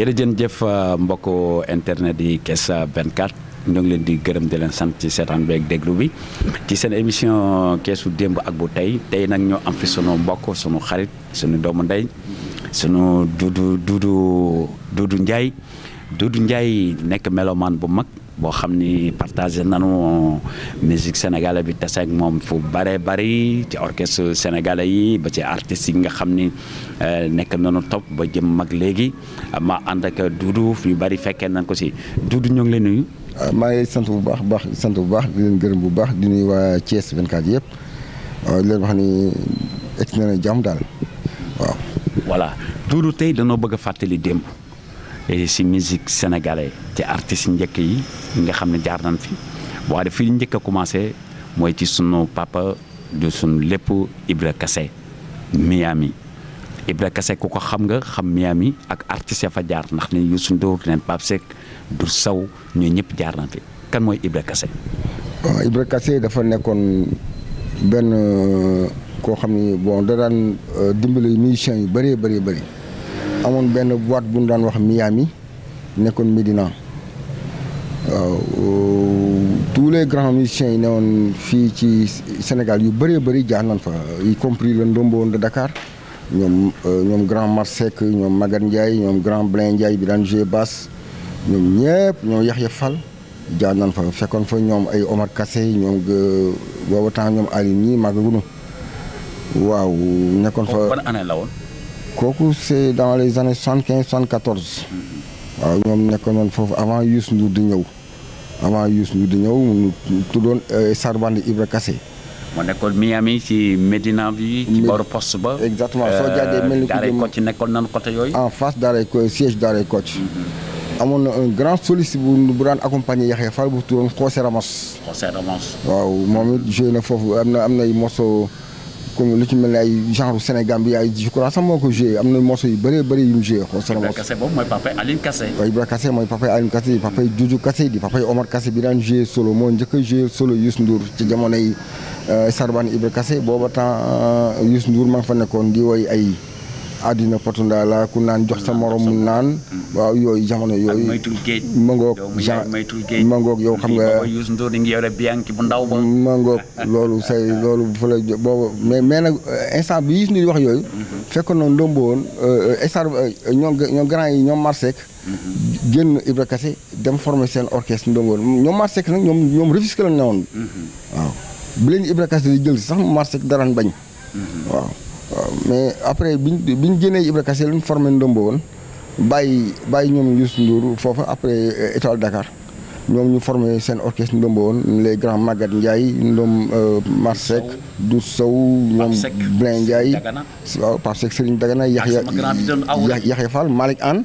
jërëjëf euh, mbokk internet yi Thiès 24 ñoo ngi leen di gërëm di leen sant ci seetaan beeg déglu bi ci seen émission keesu démb ak bu tey tey nag ñoo am fi sunu mbokk sunu xarit sunu doomu ndey sunu Doudou Doudou Doudou Ndiaye Doudou Ndiaye nekk melomaan bu mag boo xam ni partagé nanu musique sénégalais bi tese ak moom fu bare bari ci orchestre sénégalais yi ba ci artistes yi nga xam ni euh, nekk nanu topp ba jëm mag léegi ma ànd ak Doudou fi bari fekkee nañ ko si Doudou ñoo ngi lay nuyu. Ah, maa sant bu baax baax sant bu baax leen gërëm bu baax di nuyu waa Thiès 24 yëpp ah, leen wax ni egg na jàmm daal waaw. voilà tey danoo bëgg a fàttali démb. si musique sénégalais ci artistes njëkk yi nga xam ne jaar nañ fi waaye fi njëkk a commencé mooy ci sunu papa di sunu lépp Ibra kase Miami Ibra Kassé ku ko xam nga xam Miami ak artistes ya fa jaar ndax ne Youssou Ndour neen Pape Seck du saw ñoo ñëpp jaar nañ fi kan mooy Ibra Kassé waaw Ibra Kassé dafa nekkoon benn euh, koo xam ni bon da daan euh, dimbali musiciens yu bëree bëri bëri amoon benn boîte bu ñu daan wax Miami nekkoon Médina waaw tous les grands musiciens yi ne fii ci Sénégal yu bëree bëri jaar nañ fa y compris le ndombo de Dakar ñoom euh, ñoom grand Marsek ñoom Maguette Ndiaye ñoom grand Blin Ndiaye bi daan joué basse ñoom ñëpp ñoom Yaxya Fall jaar nañ fa fekkoon fa ñoom ay Omar Kassé ñoom euh, booba ñii màggagunu waaw nekkoon fa ban année la woon kooku c'est dans les années cent quinze soixante quatorze waaw ñoom nekkoon nañ foofu avant Youssou Ndour di ñëw avant Youssou Ndour di ñëw mu tuddoon euh, Sarbandi Ibra Kassé. moo nekkoon Miami ci Medina bi. ci booru poste ba. exactement soo euh, jàddee mel ni Daaray Kocc nekkoon nan côté yooyu. en face Daaray Kocc siège Daaray Kocc. amoon na un grand soliste bu bu daan accompagner Yaxya Fall bu tuddoon José Ramos. José Ramos. waaw moom it joué na foofu am na am nay morceaux. comme lu ci mel ne ay genre Sénégal bi ay je crois sax moo ko joué am na morceau yu bëree bëri yu mu joué xool sama Ibra Kassé boobu mooy papay Aline Kassé waaw Ibra Kassé mooy papay Aline Kassé di papay Doudou Kassé di papay Omar Kassé bi daan solo moo njëkk a solo Youssou Ndour ci jamonoy euh, Sarban Ibra kase booba temps euh, Youssou Ndour maa ngi fa nekkoon di woy ay àddina potunda la ku naan jox sa morom naan waaw yooyu jamono yooyu mangoog mangoog yow xam nga mangoog loolu say loolu bu fa la boobu mais mais nag euh, instant bi Youssou Ndour wax yooyu mhm. fekkoon na ndombo woon euh, euh, instant ñoom ñoom yi ñoom Marsek mhm. génn Ibra Kassé dem former seen orchestre ndombo woon ñoom Marsek nag ñoom ñoom Rufisque la newoon mhm. bu leen Ibra Kassé di jël sax Marsek daraan bañ waaw mais après biñ biñ génnee Ibra Kassé lañ formé Ndombo woon bàyyi bàyyi ñoom Youssou Ndour foofa après euh, étoile Dakar. ñoom ñu formé seen orchestre ndombo woon les grands Maguette Ndiaye ndoom euh, Marsek Dou Sow ñoom Blin Ndiaye waaw Pape Seck Serigne Dagana Yaxya Yaxya Fall Malick Anne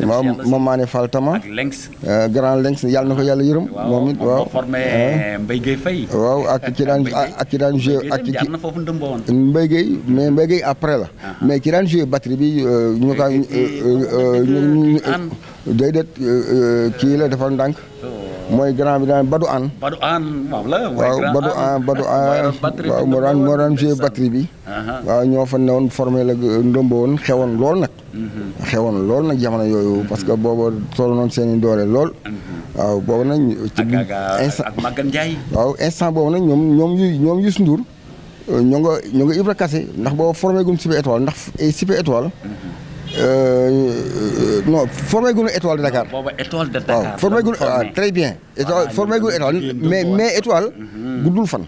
waaw Tama euh, grand Lenx yàlla na ko yàlla yërëm moom it waaw ak ki daan ak ki daan joué ak ki après la ah. mais ki daan joué bi euh, ñu ko ñu déedéet euh, euh, kii la defal ndànk mooy grand bi daan Badou An. Badou An moom la waaw Badou An Badou An waaw moo daan moo daan joué batterie bi. Uh-huh. waaw ñoo fa newoon formé la euh, ndombo xewoon lool nag. Mm-hmm. xewoon lool nag jamono yooyu. parce que booba toll noon seen i doole lool. Mm-hmm. waaw boobu nag. ci instant waaw instant boobu nag ñoom ñoom yu ñoom Youssou Ndour ñoo nga ñoo nga Ibra Kassé ndax booba formé gum Super Étoile ndax eh, Super Étoile. Mm-hmm. Euh, non formé gu ñu étoile de Dakar. booba étoile de ah, bien. étoile gu ñu mais mais étoile. Mhm. guddul fan.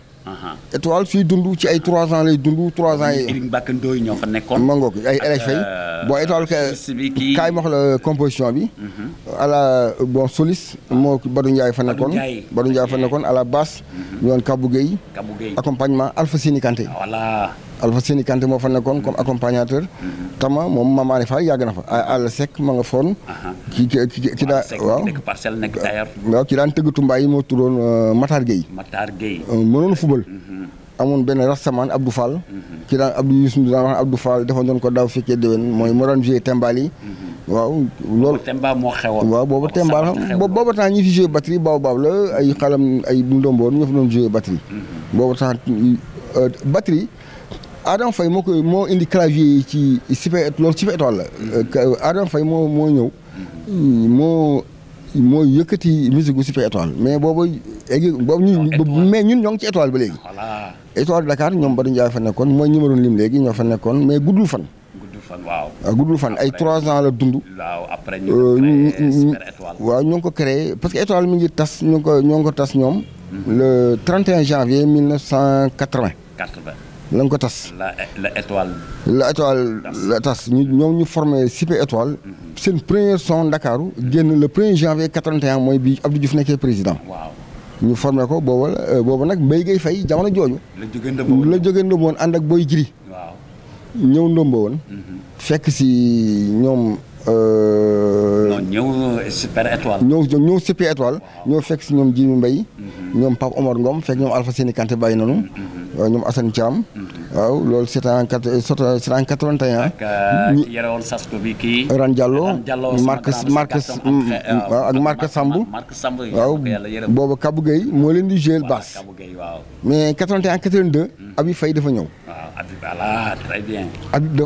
étoile suy dund ci ay trois ans lay dund 3 ans yi. Iri Mbacke nekkoon. ma ngoog ay El Hadj Faye. Euh, bon étoile kay kaay la composition bi. Mhm. à la bon soliste. Ah. moo Badou Ndiaye fa nekkoon Badou fa nekkoon à la basse. Mhm. ñu doon Kabou accompagnement Alpha Sini Alpha Séni Kanté moo fa nekkoon comme accompagnateur. tama moom Mame Ané Fall yàgg na fa àll sec ma nga foon. ki ki ki daa waaw nekk parcelle nekk d'ailleurs. waaw ki daan tëgg tumbaay yi moo turoon euh, Matar Gueye. Euh, mënoon fubal. Mhm. amoon benn rastaman Abdou Fall. Mhm. ki daan Abdou Youssou daan wax defoon doon ko daaw fekkee déwén mooy moo daan joué Tembal mhm. waaw lool Temba moo xewoon. waaw booba Temba booba temps ñi fi joué batterie baobab la ay xalam ay ndomboon ñoo fa doon joué batterie. booba temps euh, batterie. Adam fay moo koy moo indi clavier yi ci super loolu super étoile la. Mm-hmm. Euh, Adam Faye moo moo ñëw. Mm-hmm. moo moo yëkkati musique gu super étoile mais boobu egg boobu ñun mais ñun ñoo ngi ci étoile ba léegi. voilà étoile Dakar ñoom ba du Ndiaye fa nekkoon mooy ñi ma lim léegi ñoo fa nekkoon mais guddul fan. waaw ah, fan ay trois ans la dund. waaw ñu euh, waaw ko créé parce que étoile mi ngi tas ñu ñoo ngi ko tas ñoom. Mm-hmm. le 31 janvier 1980. 80. la nga ko tas. la la étoile. la étoile la tas ñu ñoom ñu formé Super étoile. Mm-hmm. seen premier son Ndakaaru génn le premier janvier 81 mooy bi Abdou juf nekkee président. waaw ñu formé ko booba euh, booba nag mbay Guèye fay jamono jooju. la jóge Ndombo la jóge Ndombo ak Boy Jiri. waaw ñëw Ndombo woon. Mm-hmm. fekk si ñoom. Euh, non ñëw super étoile. ñëw ñëw super étoile. ñëw fekk si ñoom Jimi mbay mm-hmm. ñoom Pape Omar Ngom fekk ñoom Alpha seeni Kanté bàyyi noonu. ñoom Assane Thiam. Mhm. waaw loolu c' est et un. ak euh, ki yore woon Sasko bi kii. Ran Diallo Marc Marc mm, euh, waaw ak Marc Samb. waaw boobu Kabou moo leen di jouer basse. mais quatre vingt et un quatre vingt deux. Mm. dafa ñëw. Habib voilà très bien.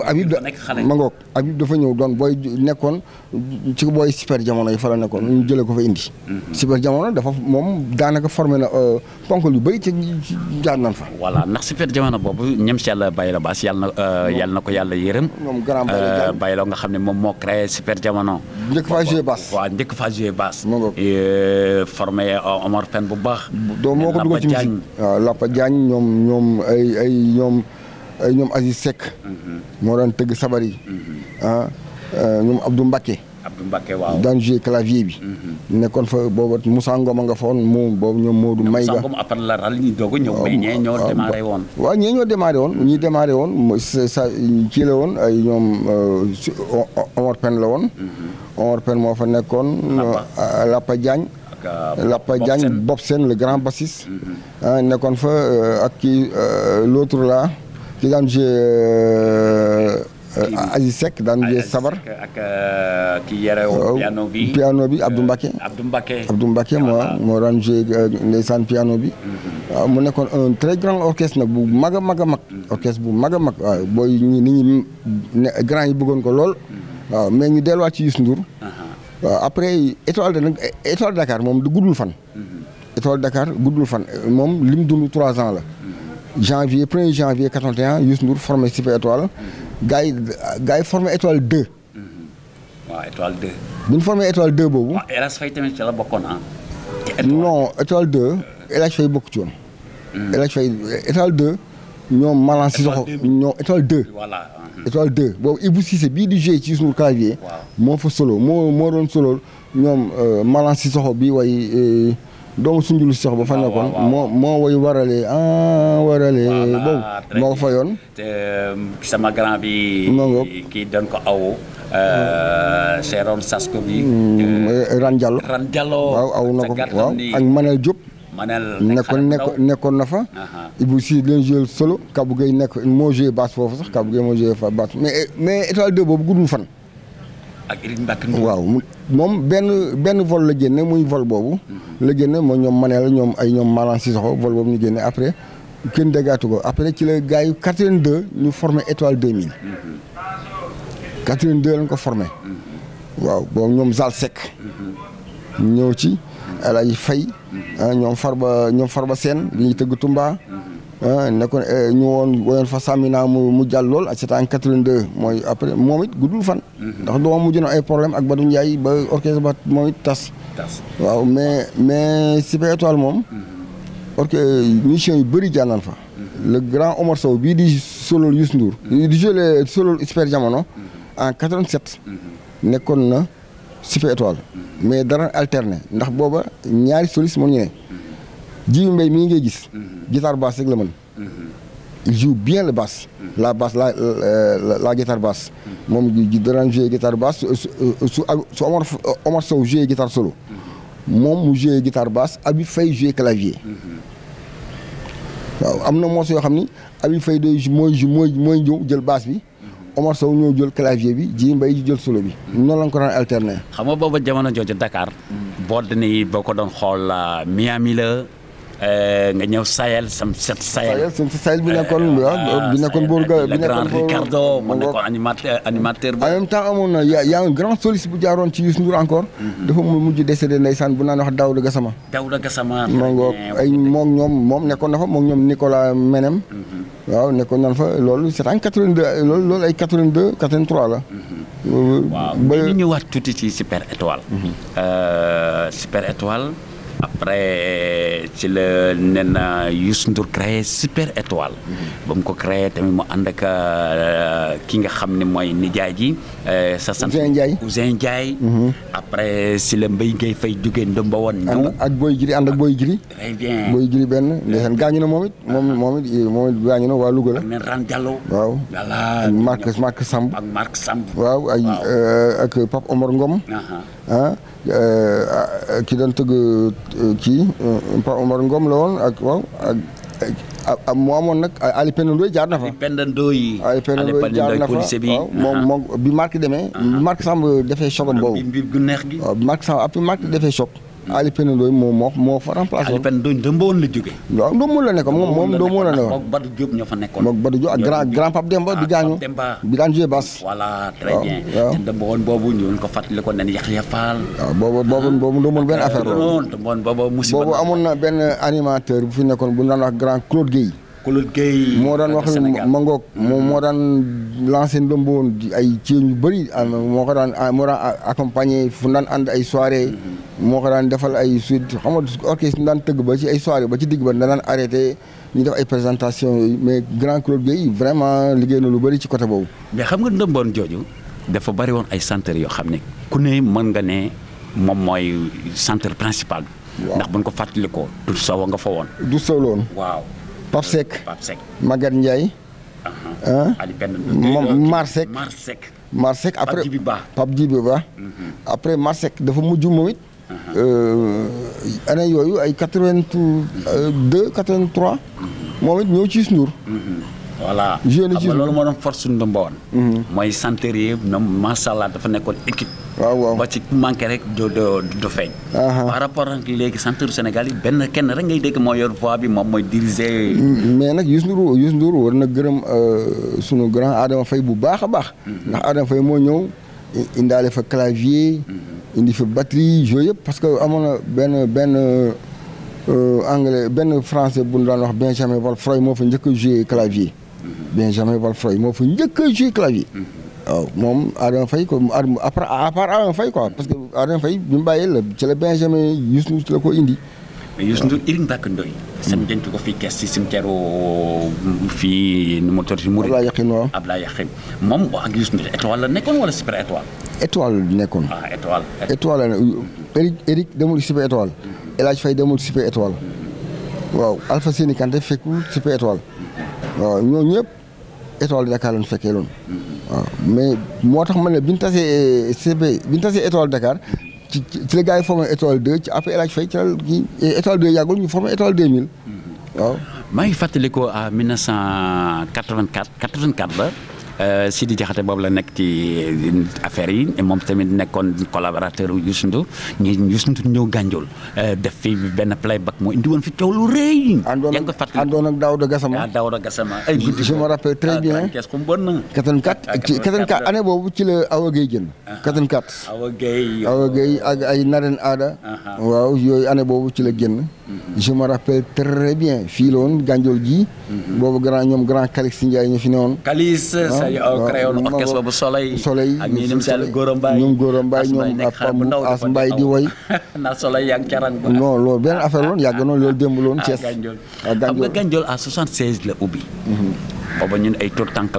Habib ma ngoog Habib dafa ñëw doon booy nekkoon ci booy super jamono yi fa la nekkoon ñu jëlee ko fa indi. Mhm. super jamono dafa moom daanaka formé na euh, ponk yu bëri ci jaar nañ fa. voilà ndax super jamono boobu ñem si yàlla Bayero Bass yàlla na euh, yàlla na ko yàlla yërëm. moom grand Bayero euh, nga xam ne moom moo créé super jamono. njëkk faa joué Bass waaw njëkk faa joué Bass. ma ngoog formé Omar bu baax. doo moo ko dugal ci musique Lapa Diagne ñoom ñoom ay ay ñoom. ay ñoom Aziz Seck. Mhm. moo daan tëgg sabar yi. Mhm. ah euh, ñoom Abdou Mbacké. Abdou Mbacké clavier bi. Mhm. nekkoon fa booba Moussa Ngom a nga foon mu boobu ñoom Modou Mayga. Moussa Ngom après ah, ah, woon. waaw ñee ñoo démarré woon ñi démarré woon sa kii la woon ay ñoom euh, Omar Pène la woon. Omar Pène moo fa nekkoon. Lapa Diagne. Euh, Lapa Diagne Bob Sen le grand bassiste. Ah, nekkoon fa ak kii l'autre là. ki daan joué euh, Aziz Seck daan joué Sabar. ak euh, ki yore piano bi piano bi Abdou euh, Mbacké. Abdou Mbacké Abdou Mbacké moo moo daan joué ndeysaan piano bi. Mm-hmm. mu nekkoon un très grand orchestre nag bu mag a mag a mag. Mm-hmm. orchestre bu mag a mag waaw booy ñi nit ñi grand yi bëggoon ko lool. Mm-hmm. waaw mais ñu delluwaat ci Youssou Ndour. Uh-huh. waaw après étoile de nag étoile Dakar moom du guddul fan. étoile Dakar guddul fan moom lim dund trois ans la. janvier premier janvier 41 Youssou Ndour formé Super Étoile. gars yi yi formé Étoile 2. Mm-hmm. waaw Étoile bu ñu formé Étoile 2 boobu. waaw El la bokkoon ah. non Étoile 2 El Hadj bokk ci woon. Mm-hmm. El Étoile 2 ñoom Malang Cissokho ñoom Étoile 2. voilà uh-huh. Étoile de boobu Ibou Cissé bii di joué ci Youssou Ndour moo fa solo moo moo doon solo ñoom euh, Malang Cissokho bii way euh, doomu sunjulu Seex ba fa nekkoon ah, moo moo woy warale ah warale boobu moo fa yoon euh, sama grand bi kii doon ko aw seeroon euh, sasko bi mm, euh, Ran Diallo Ran Diallo aw na ko waaw ak Manel Diop nekkoon nekkoon na fa Ibou Sy leen joué solo Kabou Gueye nekk moo joué basse foofu sax Kabou Gueye moo joué fa basse mais mais étoile boobu guddul fan ak Éric waaw moom benn benn vol la génne muy vol boobu. la génne moom ñoom maneel ñoom ay ñoom Malang Cissokho vol boobu ñu génne après kenn déggaatu ko après ci la gars yu deux ñu formé étoile 2000. 82 lañ ko formé. Mm-hmm. waaw boobu ñoom Zal Seck. Mm-hmm. ñëw ci mm-hmm. El Hadj Faye. Ah, ñoom Farba ñoom Farba Sène bi ñuy tëgg Tumba. Ah, nekkoon eh, ñu woon woyoon fa Samina mu mu jàll lool c'était en 82 mooy après moom it guddul fan. Mhm. ndax doomam mujj na ay problème ak Badou Ndiaye ba orchestre ba moom tas. waaw mais mais Super Étoile moom. Mhm. orchestre musiciens yu bëri jaar fa. Mhm. le grand Omar Sow bii di solo Youssou Ndour. di jëlee solo Super Jamono. en 87. nekkoon na Super Étoile. mais dara alterné ndax booba ñaari solistes moo ñu ne. jiwu mbéy mii ngay gis. guitare basse rek la mën. il bien le basse. la basse la la la moom danaan jouer guitare basse euh, su euh, su su Omar euh, Omar Sow jouer guitare solo. moom mu jouer am na morceau yoo xam ni Habib Faye day mooy jël basse bi. Omar Sow ñoo jël bi ji mbay jël solo bi. noonu xam nga booba jamono jooju Dakar. Mm. boo ni boo doon xool Miami Eh, nga ñëw Sahel sam set Sahel. Sahel bi nekkoon eh, ah, ah, bi nekkoon booru ga bi nekkoon booru nekkoon amoon na y' a un bu jaaroon ci Youssou Ndour encore. Mhm. dafa mujj décédé ndeysaan bu naan wax Daouda Gassama. Daouda Gassama. maa ngi ay moom ñoom moom nekkoon na fa moom ñoom Nicolas Menem. Mhm. waaw nekkoon nan fa loolu c'est en 82 loolu loolu ay 82 83 la. Mhm. waaw ba ñu ñëwaat tuuti ci Super Étoile. Euh, Super Étoile. après ci la nee na Youssou Ndour créé Super Étoile. ba mu ko créé tamit mu ànd ak euh, ki nga xam ni mooy nijaay ji. Euh, sa sant Ousseyn Ndiaye Ousseyn Ndiaye. Mhm. après si la mbay Guèye fay jógee Ndomba woon. ñëw ak Boy Jiri ànd ak Boy Jiri. très Jiri benn ndeysaan gaañu na moom it moom moom it eh, gaañu na waa Louga la. ak nen waaw voilà Marc Samb. ak Marc Samb. waaw euh, ak Pape Omar Ngom. ah eh, ki doon tëgg eh, kii eh, Pa ngoom Ngom la woon ak waaw ak ah mu nag Ali Penda Ndoye jaar na fa. Ali Penda Ndoye. Ali Penda Ndoye jaar na ah. bi Marc demee. bi ah. Marc Samb defee choc am boobu. bi bi neex gi. waaw bi Marc Samb defee choc. Alipene Ndoye moom moo moo fa remplacé woon. Alipene la jógee. waaw Ndëmboon la nekkoon moom moom Ndëmboon la nekkoon. moom Badou Diop ñoo fa nekkoon. moom Badou ak grand grand Pape Demba bi gaañu. bi daan joué basse. voilà boobu ñu ko fàttali ko nen Yaxya Fall. boobu boobu ah, boobu Ndëmboon benn affaire la. Ndëmboon boobu musiba. boobu amoon na benn animateur bu fi nekkoon bu ñu daan wax grand Claude Guèye. Kulul Gueye moo daan wax ni mangoog mm-hmm. moom moo daan lancé ndëmb woon ay ci yu bëri moo ko daan ah, moo daan accompagné fu daan ànd ay soirée mm-hmm. moo ko daan defal ay suite xam nga orchestre daan tëgg ba ci ay soirée ba ci digg ba danaan arrêté ñu def ay présentation yooyu mais grand Kulul Gueye vraiment liggéey na lu bëri ci côté boobu mais xam nga ndëmboon jooju dafa bëri woon ay centre yoo xam ne ku ne mën nga ne moom mooy centre principal ndax buñ ko fàttalikoo du sow nga fa woon du sow loon Pape Seck Pape Seck Maguette Ndiaye. Uh-huh. Ali Penda moom Mar Seck Mar Seck. Mar Seck après Pape Djibi Ba uh-huh. après Mar dafa mujj moom it. Uh-huh. Euh, année yooyu ay quatre vingt deux quatre vingt trois. moom it ñëw ci Snour. voilà xam nga loolu moo doon force suñu ndëmbawoon. mooy centre yëpp ñoom macha allah dafa nekkoon équipe. waaw waaw ba manqué rek du du par rapport ak léegi centre Sénégal yi benn kenn rek ngay dégg moo yor voix bi moom mooy diriger. mais nag Youssou Ndour Youssou Ndour na gërëm euh, sunu grand Adama Faye bu baax a baax. Mm-hmm. ndax Adama Faye moo ñëw indaale fa clavier. Mm-hmm. indi fa batri yooyu yëpp parce que amoon na benn benn. Euh, anglais benn français bu ñu daan wax Benjamin Valfroy moo fa njëkk a joué clavier. Mm-hmm. Benjamin Valfroy moo fa njëkk a clavier. waaw oh, moom Adama Faye comme Adama à part Adama Faye parce que Adama Faye bi la ci la Benjamin Youssou Ndour ci ko indi. mais Youssou Ndour Iring Mbacke Ndoye. Hmm. seen denc ko fii kees si cimetière fii nu mu tuddati Mouride. Abdoulaye Yakhine waaw Abdoulaye Yakhine moom ak Youssou Ndour étoile la nekkoon wala super étoile. étoile la nekkoon. ah étoile. étoile la ne Eric Eric demul super étoile. Hmm. El Hadj Faye super étoile. Hmm. waaw Alpha Séni Kanté fekkul super étoile. waaw ñooñu étoile Dakar lañ fekkee loon waaw mais moo tax ma ne bi ñu tasee eh, CP bi ñu tasee étoile Dakar ci ci la gars yi formé étoile 2 ci après El Hadj Faye ci la eh, étoile 2 yàggul ñu formé étoile 2000 mm-hmm. waaw. maa ngi fàttali ko à 1984 84 la. Euh, si di Diakhaté boobu la nekk ci euh, affaire yi moom tamit nekkoon collaborateur Youssou Ndour ñu Youssou Ndour ñëw gànjool euh, def fi benn playback moo indi woon fi coow lu rëy. yaa ngi ko fàttali àndoon ak Daouda Gassama ah Daouda Gassama. ay guddi je me rappelle très bien. kees ku mu bon na. 84 ah, ci boobu ci la Awa jën jënd. 84. Awa ak ay Naren Aada. Ah, ah. waaw yooyu année boobu ci la jën Mm-hmm. je me très bien fii la woon Gandiol gi mm-hmm. boobu grand ñoom grand Calix Ndiaye ñu fi ne woon. Calix ah, sa créole orchestre bu Soleil. Soleil ak ñi dem si àll Goro Mbaye ñoom Goro Mbaye ñoom Apam As Mbaye di woy. na Soleil yaa ngi caran ba. non loolu beneen affaire yàgg na loolu démb la woon ah, Thiès. ah Gandiol xam nga Gandiol à 76 la ubbi. Mm-hmm. booba ay tur tànk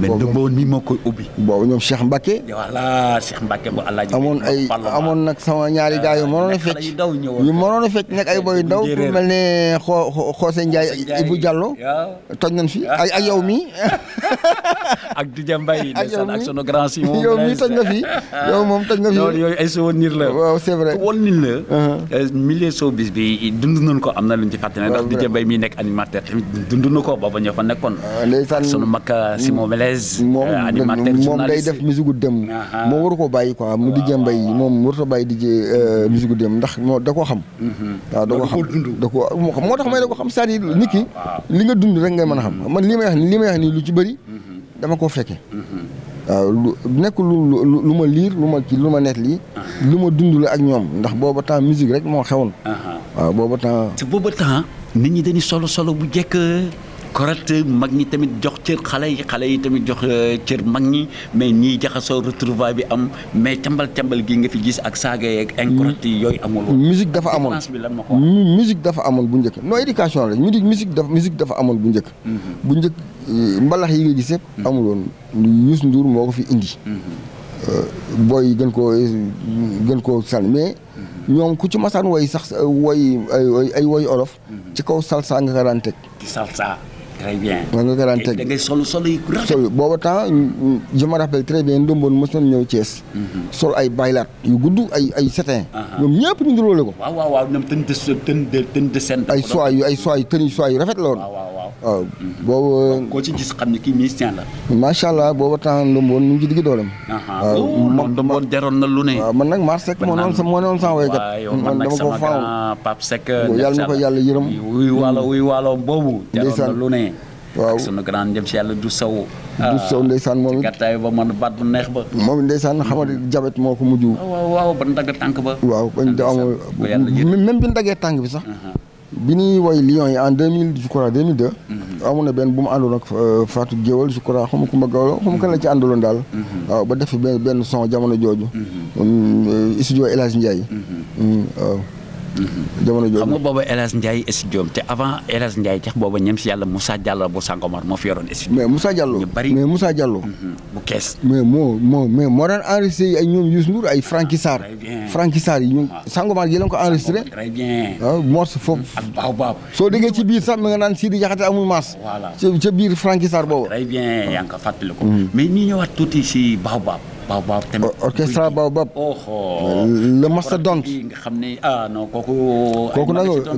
mais dëggoon mi moo koy ubbi. boobu ñoom Cheikh Mbacke. voilà Cheikh Mbacke bu Alaaji. amoon ay amoon nag sama ñaari gars yu mënoon a fecc yu mënoon a fecc ay boy ndaw ku mel ne xoo Xoose Ndiaye Ibou Diallo. toj nañ fi ak yow mi ak Duja Mbaye. ak mi ak sunu grand si moom yow na toj nga fi yow moom toj nga fi. loolu yooyu ay souvenir la. la. Uh-huh. Euh, milieu showbiz bi dund nañ ko am na luñ ci fàttali ndax Duja Mbaye mi nekk animateur tamit dund na ko nekkoon. ndeysaan sunu mag si moom française euh, animateur journaliste moom day def musique gu dem. Ah, ah. moo waru ko bàyyi quoi mu DJ Mbaye ah, moom warut a bàyyi DJ euh, musique gu ndax moo da koo xam. Mhm. waaw da xam da koo moo tax may da ko xam c'est-à-dire nit ki li nga dund rek nga man a xam mhm. man li ma wax li may nii lu ci bëri mhm. dama koo fekke waaw lu nekk lu lu ma liir lu ma ci lu ma net lii. lu ma dund la ak ñoom ndax booba temps musique rek moo xewoon. waaw booba temps. te booba temps solo solo bu jekk. correct mag ñi tamit jox cër xale yi xale yi tamit jox euh, cër mag ñi mais ñiy jaxasoo retrouvaille bi am mais càmbal càmbal gi nga fi gis ak saaga yeeg incorrect yi yooyu amul woon dafa amoon musique dafa amoon bu njëkk non éducation la ñu di musique dafa musique dafa amoon bu njëkk mm-hmm. bu njëkk euh, mbalax yi nga gis yëpp mm-hmm. amul moo ko fi indi mm-hmm. euh, booy yi gën koo gën mais ñoom ku ci masaan woy sax woy ay woy olof ci kaw salsa nga ko teg salsa très bien moom nga ko da ngay sol sol yu rafet booba temps je me tre très bien ndomboon mos nañ ñëw cees mhm. sol ay baylaat yu gudd ay ay setin. ñoom ñëpp ñu ngi roole ko. waaw waaw waaw ñoom tën de ay soie yu ay soie yu tën yu yu rafet la waaw mhm. boobu. koo ci gis xam ne kii musicien la. macha allah boobu temps Ndomboon mu ngi ci digg dooleem. waaw moom lu ne. man nag Mar Seck moo ne woon sa moo ne woon sama waykat. man dama ko faaw Pape wuy waalo wuy waalo boobu. jaroon na lu ne. waaw ak sunu grand jëm du saw. du ah, saw ndeysaan moom bu neex ba. moom ndeysaan xam nga jabet moo ko mujj. waaw ba ndagg tànk ba. waaw bañ da amoo même bi ndaggee tànk bi sax. bi ñuy woy Lions yi en deux mille je crois deux mille deux. Mm-hmm. amoon na benn bu mu àndoon ak euh, Fatou Géwal je crois xamu Kumba Gawlo xamu la ci àndaloon daal. Mm-hmm. waaw ba def benn benn son jamono jooju. Mm-hmm. Mm, euh, studio El Hadj Ndiaye. Mm, jamono jooju xam nga booba El Hadj Ndiaye studio te avant El Hadj Ndiaye tax booba ñem si yàlla Moussa Diallo bu Sangomar moo fi yoroon studio. mais Moussa Diallo ñu bari mais Moussa Diallo. Mhm, bu kees. mais moo moo mais moo daan ay ñoom Youssou Ndour ay Franky Sarr. Franky yi ñoom ah. Sangomar yi lañ ko enregistré. très bien waaw ah, foofu. ak Baobab. soo degee ci biir sax mi nga naan Sidi Diakhaté amul maas. voilà ca ca biir Franky Sarr boobu. très bien yaa ngi mhm. ñëwaat tuuti si Baobab. Baobab tamit. orchestre Baobab. le mastodonte. na xam ne ah non kooku.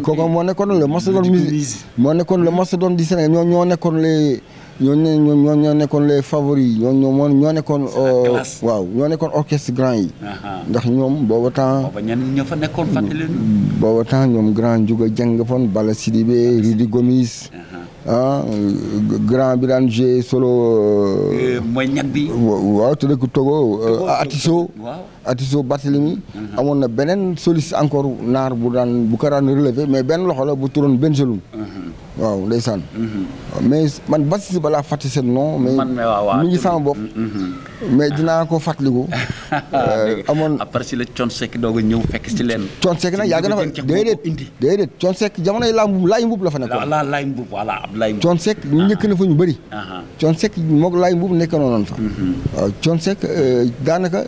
kooku moo nekkoon le mastodonte. moo nekkoon le mastodonte du Sénégal ñoo ñoo nekkoon ñooñu ñoo ñoo ñoo nekkoon les favoris ñoo ñoo ñoo nekkoon. Euh, waaw ñoo nekkoon orchestre grand yi. ndax ñoom booba temps. booba ñenn ñoo fa nekkoon fàttali leen. Mm. booba temps ñoom grand Ndiouga Dieng fan Bala Sidibé Rudy Gomis. ah grand euh, euh, bi daan joué solo. mooy ñag bi. waaw te dëkk Togo Atiso. waaw Atiso Barthélemy. amoon na beneen soliste encore naar bu daan bu ko daan mais benn loxo la bu turoon benn Benjeloum. waaw ndeysaan. Mhm. mais man bassiste balaa fàtte seen nom. man mais waaw waaw mi ngi sama bopp. Mhm. mais dinaa ko fàttaliku. Euh, amoon après si la Thione Seck doog a ñëw fekk si leen. Thione Seck nag yàgg na fa déedéet déedéet Thione Seck jamonoy laam laay mbuub la fa nekkoon. la laay mbuub voilà ab laay mbuub. Thione Seck ñu njëkk na fa ñu bëri. Thione Seck moog laay mbuub nekk na noonu fa. Mhm. waaw Thione Seck euh, daanaka.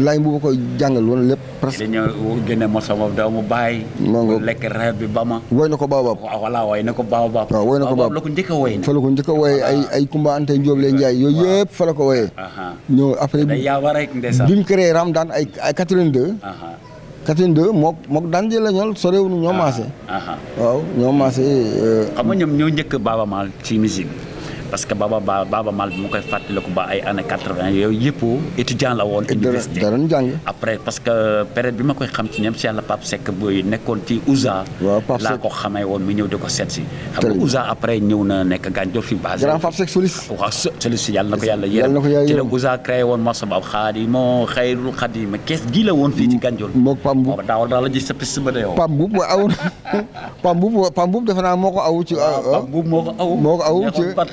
laay bu ma koy jàngal woon lépp presque. dañoo génne ma sama doomu baay. maa ngi lekk bi ba ma. woy na ko baobab waaw voilà woy na ko baobab. waaw woy na ko baobab la ko njëkk a woy. fa la ko njëkk a woy ay ay Kumba Anta Diop leen Ndiaye yooyu yëpp fa la ko woyee. ñëw après bi bi mu créé Ramadan ay ay 82. 82 daan jël la ñool ñoo maase. waaw ñoo maase. Euh, xam nga ñoom ñoo njëkk Baaba Maal ci parce que Baba Baba bi mu koy fàttaliku ba ay années quatre-vingt yooyu yëpp étudiant la woon. université danañ jàng. après parce que bi ma koy xam ci ñoom si yàlla Pape Seck bu nekkoon ci USA. laa ko xamee woon mu ñëw di ko seet si. xam nga après ñëw na nekk gàncax fi basé. grand Pape Seck solis. waaw na ko yàlla yërëm ci la USA créé woon Moussa Ba Xaadimu Xayrul Xaadimi kees gii la woon fii ci gàncax moo ko aw ci. Pam ah, ah. Boub moo ko aw.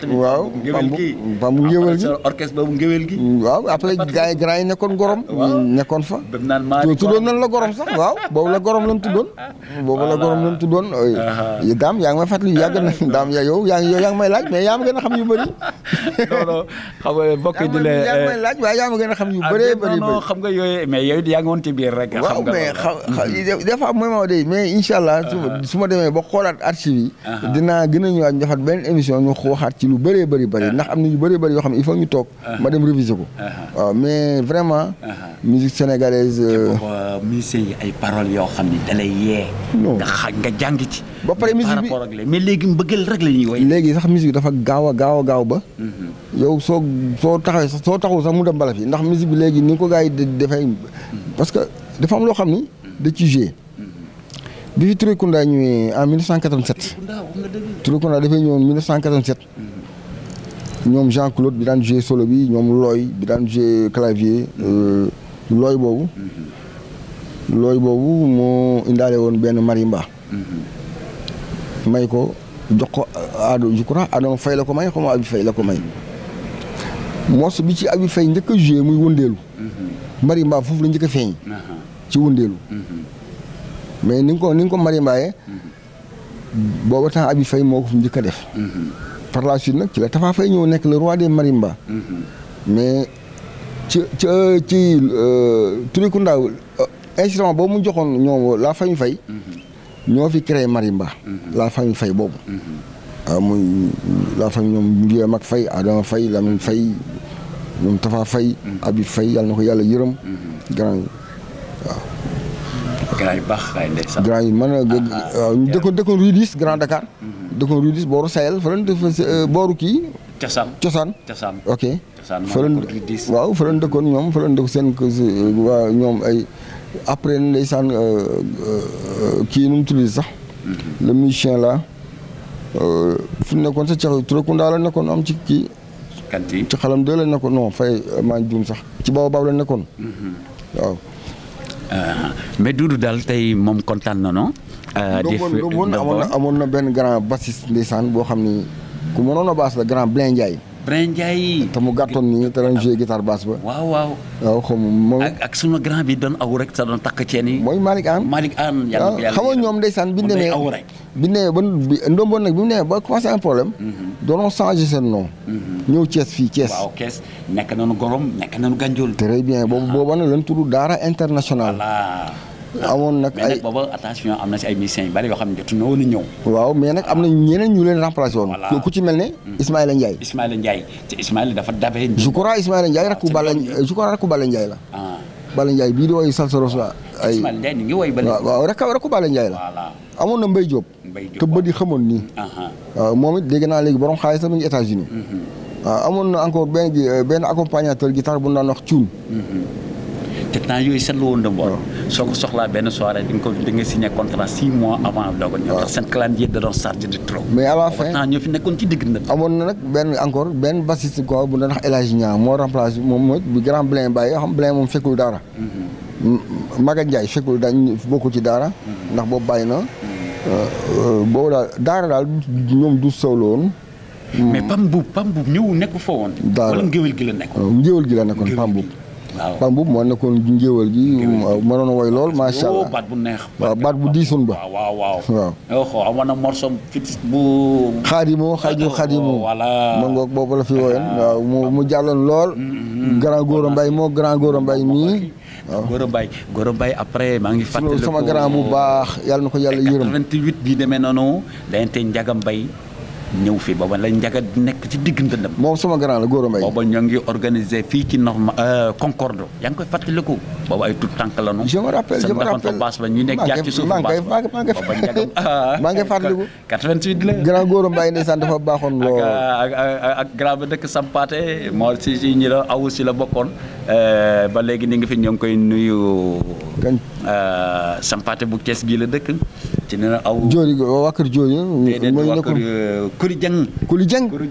moo waaw ngéwél gi bambu ngéwél gi orchestre boobu ngéwél gi waaw après gars yi grand yi nekkoon gorom mm, nekkoon fa tuddoon la gorom sax waaw boobu la gorom lañ tuddoon la gorom lañ tuddoon daam yaa ngi may fàttali yàgg na daam yaa yow yaa ngi yow yaa ngi may laaj mais yaa ma gën a xam yu bëri non non xam la yaa ngi may eh, laaj waaye yaa ma gën a xam yu ah, bëree bëri non xam nga mais yow yaa ngi woon ci biir rek xam nga mais mm-hmm. des fois mooy ma day mais su ma demee ba xoolaat archive yi dinaa a ñëwaat ñu defaat benn émission ñu waxaat ci lu bëri bëree bëri bëri ah. ndax am na yu bëree bëri yoo xam ne il ah. ko ah. mais vraiment musique sénégalaise euh, euh, musiciens yi ay paroles yoo xam ne dalay nga xa nga jàng ci ba pare musique bi mais léegi mbëggeel rek la ñuy woy léegi sax musique dafa gaaw a gaaw a gaaw ba mhm. yow soo soo taxawee soo taxaw sax mu dem bala fi ndax musique bi léegi ni ko gars yi dafay mhm. parce que dafa am loo xam ni mhm. da ci joué bi fi Touré Kunda ñëwee en 1987 Touré Kunda dafay ñëwoon 1987 ñoom Jean Claude bi daan joué solo bi ñoom looy bi daan joué clavier euh, looy boobu looy boobu moo indaale woon benn marimba may ko jox ko ado je la ko may xaw ma Abi Faye la ko may morceau bi ci Abi fay njëkk a joué muy wëndeelu marimba foofu la njëkk a feeñ ci wëndeelu mais ni ko ni nga ko marimbaaye booba temps Abi fay moo ko fu njëkk a def par la suite nag ci la Tafa Faye ñëw nekk le roi des marimba. Mm-hmm. mais ci ci ci euh, Turikunda euh, instrument boobu mu joxoon ñoom la famille fay mm-hmm. ñoo fi créé marimba. Mm-hmm. la famille fay boobu. ah muy la famille ñoom Ndié fay Faye Adama Faye Lamine Faye ñoom Tafa Faye. Habib Faye yàlla na ko yàlla yërëm. grand yi waaw. grand yu baax grand yi ndeysaan. grand ah, ah, ah, dëkkoon dëkkoon Rue 10 Grand Dakar. dëkkoon Rudis booru Sayel fa la euh, booru kii. Cosaan Cosaan. ok. Cosaan waaw fa la dëkkoon ñoom fa la dëkk seen waa ñoom ay après ndeysaan euh, euh, kii nu mu tudd sax. Mhm. le musicien là fu nekkoon sax cax Turakunda nekkoon ci kii. kanti ci xalam de la nekkoon non fay maa juum sax ci Baobab la nekkoon. Mhm. waaw. mais Doudou daal tey moom kontaan na non. Euh, di mën amoon amoon na benn grand bassiste ndeysaan boo xam ni ku mënoon a baas la grand mu gàttoon nii te doon joué guitare basse ak sunu grand bi doon aw rek sa doon takk ceen yi. xam nga ñoom ndeysaan bi ñu demee aw rek. bi ñu demee ba ndomboon nag bi mu ba commencé am problème. Mhm. doonoo changé seen nom. Mhm. ñëw Thiès fii Thiès. waaw Thiès nekk nañu Gorom nekk nañu Gandiol. très bien boobu boobu nag lañ tudd Daara international. amoon nag ay mais attention am na si ay musiciens yu yoo xam ne jotuñu woon a ñëw. waaw mais nag am na ñeneen ñu leen remplacé woon. ku ci mel ne. Hmm. Ismaïla Ndiaye. Ismaïla Ndiaye te Ismaïla dafa dabee. je crois Ismaïla Ndiaye rakku Balla je crois rakku Balla Ndiaye la. Ah. Balla bii di woy Salsaros la. ay Ismaïla Ndiaye ngi woy Balla. waaw waaw rakku Balla Ndiaye la. amoon na Mbaye Diop. Mbaye te ba di xamoon nii. Ah, ah. waaw moom it dégg naa léegi borom xaalis sax mu ngi amoon na encore benn benn accompagnateur guitare bu ñu daan wax Thioune mm-hmm. temps yooyu seetlu woon de mbool soo ko soxlaa benn soirée di nga ko di nga signé contrat six mois avant doo ko ñëw ndax seen na amoon benn encore benn bassiste quoi bu doon wax El Hadji moo remplacé moom mooy bi grand Blin bàyyi yoo xam Blin moom fekkul dara mm-hmm. Maga Ndiaye fekkul dañ bokkul ci dara mm-hmm. ndax boobu bàyyi na mm-hmm. euh, euh, boobu daal daal ñoom du sowlo woon mais Pam Boub Pam nekk fa woon. daara wala ngéwél gi la nekkoon. ngéwél gi la nekkoon Pam Boub. Pape Mboup moo nekkoon njéewal gi mënoon a woy lool macha oh, allah baat bu neex waaw baat bu diisoon ba waaw waaw waaw amoon oh, na bu xaadimu xaadimu oh, xaadimu ma ngoog boobu la fi woyoon ah. waaw mu mu jàlloon lool mm, mm, mm. grand Gora Mbaye moo grand Gora Mbaye mii waaw Gora Mbaye maa ngi fàttaliku sama grand bu baax yàlla na ko yàlla yërëm 28 bii demee noonu dañte Njaga Mbaye ñëw fi booba la njaga nekk ci digg ndëndam. moom sama grand la góor may. booba ñoo ngi organisé fii ci norma euh, Concorde. yaa ngi koy fàttaliku. booba ay tout tànk la ñu. je me rappelle je ba ñu nekk jaar ci suuf baas ba maa ngi maa ngi ah, ah, maa ngi fàttaliku. 88 la grand góor mbay ndeysaan euh, ak ak ba dëkk Sampaate moo si si la aw si la bokkoon euh, ba léegi ni nga fi ñoo ngi koy nuyu. Euh, sampaate bu Kees gii la dëkk. ci nee na aw Diori waa kër Diori. tey mooy nekkul Kuli euh, Jeng. Kuli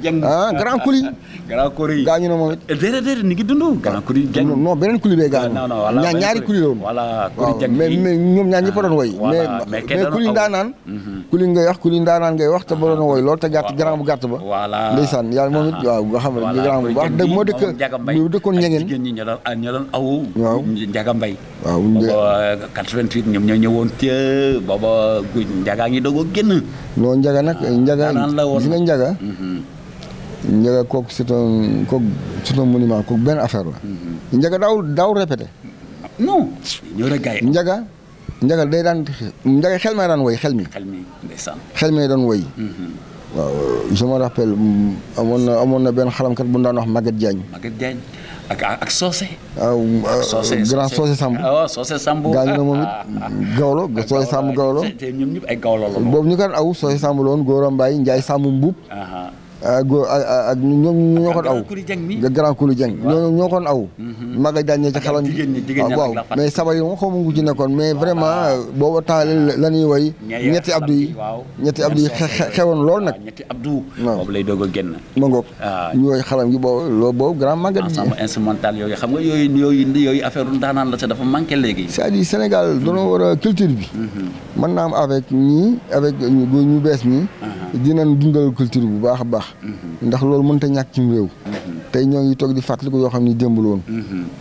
Jeng ah grand Kuli. grand Kuli gaañu na moom it. Euh, déedéet déedéet ni ngi dund. grand Kuli Jeng non beneen Kuli bee gaañu. non non voilà ñaari Kuli la woon. voilà Kuli Jeng mais mais ñoom a mhm. Kuli ngay wax Kuli ndaanaan ngay wax te ba lool te gàtt grand bu gàtt ba. voilà ndeysaan yàlla moom it waaw nga xam ne ñu grand bu baax dëgg moo dëkk. ñu 88 ñoom ñoo ñëwoon ca booba guy njagaa ngi doog a génn. non njaga nag ah, njaga njaga. Mm-hmm. njaga kooku c'est un benn affaire la. Mm-hmm. njaga daaw daaw répété. njaga njaga day daan njaga xel ma daan woy xel mi. xel mi ndeysaan xel mi doon woy. Mm-hmm. waaw je rappelle mm, amoon na amoon na benn xalamkat bu ñu daan wax Maguette Diagne. ak ak Socé. Ah, um, ah, uh, grand Socé Samb. waaw ah, oh, Socé Samb. gaañu na moom it gawlo Socé Samb gawlo. gawlo la. boobu ñu kan aw Socé Samb la woon Gora Mbaye Ndiaye Samb Mbuub. ak ñoom ñoo ko aw grand kulu jeng ñoo ñoo koon aw mhm. maga jàññee ci xalam ah, waaw mais sabar yi moom xaw ma ngu ci nekkoon mais ah, vraiment ah, booba temps la ñuy woy ñetti abdu yi ñetti abdu yi xewoon lool nag ñetti abdu boobu lay doog a génn ma ngoog ñu woy xalam gi boobu loolu boobu grand maga ensemble instrumental yooyu xam nga yooyu yooyu yooyu affaire u ndaanaan la sa dafa manqué léegi c'est-à-dire Sénégal mhm. dañoo war culture bi mhm. mën naa am avec ñii avec ñu bees ñi dinañ dundal culture bu baax a baax ndax loolu mënut a ñàkk ci réew. tey ñoo ngi toog di fàttaliku yoo xam ni démb la woon.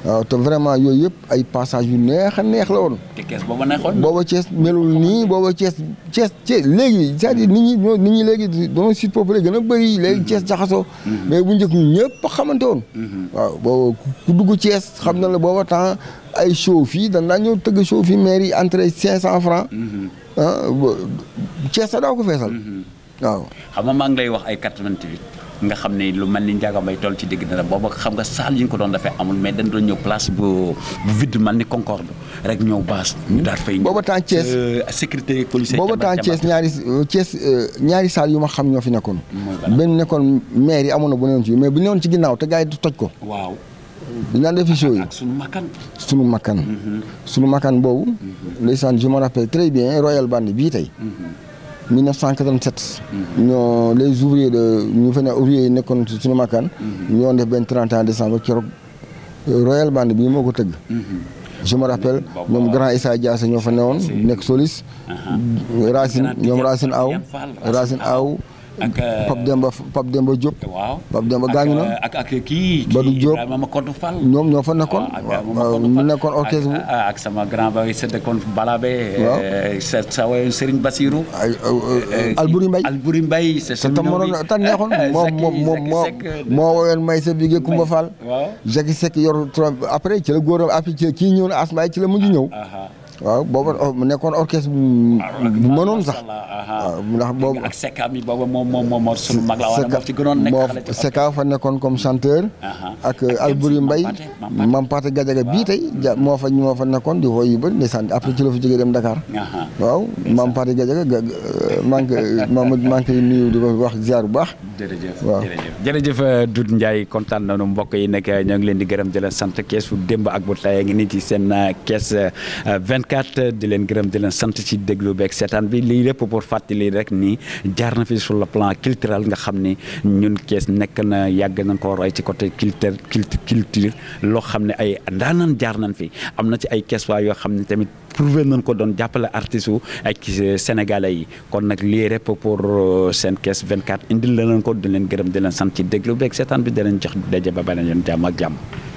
waaw te vraiment yooyu yëpp ay passage yu neex a neex la woon. te Cees booba neexoon. booba Cees melul nii booba Cees Cees Cees léegi cest à nit ñi nit ñi léegi dama surpopulé gën a bari léegi Cees jaxasoo. mais bu njëkk ñu ñëpp xamante woon. waaw booba ku dugg Cees xam na la booba temps ay show fii dañ daan ñëw tëgg show fii maire yi entrée cinq cent francs. ah Cees sa daaw ko feesal. waaw xam nga maa lay wax ay 88 nga xam ne lu mel ni Ndiaga Mbaye toll ci digg dara booba xam nga saal yi ñu ko doon defee amul mais dañ doon ñëw place bu bu vide man ni Concorde rek ñëw baas ñu daal fay. booba temps Thiès euh, sécurité police. booba temps Thiès ñaari euh, euh, ñaari saal yu ma xam ñoo fi nekkoon. benn nekkoon maire yi amoon na bu newoon ci mais bu newoon ci ginnaaw te gars yi toj ko. waaw. bi naan defi show yi sunu makkan sunu makkan mhm. sunu boobu mhm. ndeysaan je me rappelle très bien Royal Band bii tey mhm. 1987. Mhm. ñoo les ouvriers de ñu fa ne ouvriers nekkoon suñu makkaan. Mhm. ñoo def benn 30 ans décembre keroog Royal Band bii moo ko tëgg. Mhm. je me rappelle ñoom grand Issa Diasse ñoo fa newoon nekk solis. Racine ñoom Racine Aw Racine Aw. ak Pape euh, Demba Pape Demba Diop. waaw Pape Demba gaañu na. Euh, ak ak kii Badou Diop ñoom ñoo fa nekkoon. waaw ñu nekkoon orchestre bi. Euh, ak sama grand bay sa dëkkoon Balabé. waaw sa sa wayoon Serigne Bassirou. ay Alboury Mbaye Alboury Mbaye. sa sa numéro yi tan neexoon moom moo moo may sa bi Kumba Fall. waaw Jackie Seck yor trop après ci la góor a après kii ñëw na Asmaay ci la mujj ñëw. Ah, ah, ah. waaw booba nekkoon orchestre bu ah, mënoon sax. waaw ndax boobu ak Seka mi booba moom moom moo sunu mag la wala moo ci fa nekkoon comme chanteur. ak mbay Mbaye Mampate Gadiaga bii tey ja moo fa moo fa nekkoon di woy yu bëri sant après ci la fa jógee dem Dakar. waaw Mampate Gadiaga ga maa ngi koy maa ngi nuyu wax ziar bu baax. jërëjëf waaw jërëjëf euh, Doudou Ndiaye kontaan nañu mbokk yi nekk ñoo ngi leen di gërëm di leen sant kees fu démb ak bu a ngi nii ci seen euh, kees euh, 24 di leen gërëm di leen sant ci déglu beeg seetaan bi lii lépp pour fàttali rek nii jaar na fi sur le plan culturel nga xam ni ñun kees nekk na yàgg nañ ko roy ci côté culture culture loo xam ne ay ndaanaan jaar nañ fi am na ci ay kees waa yoo xam ne tamit prouvé nañ ko doon jàppale artistes yu ak sénégalais yi kon nag lii rek pour euh, seen kees 24 indil la leen ko di leen gërëm di leen sant ci déglu beeg seetaan bi di leen jox daje ba beneen yoon jàmm ak jàmm.